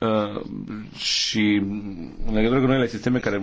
Uh, și în legătură cu noile sisteme care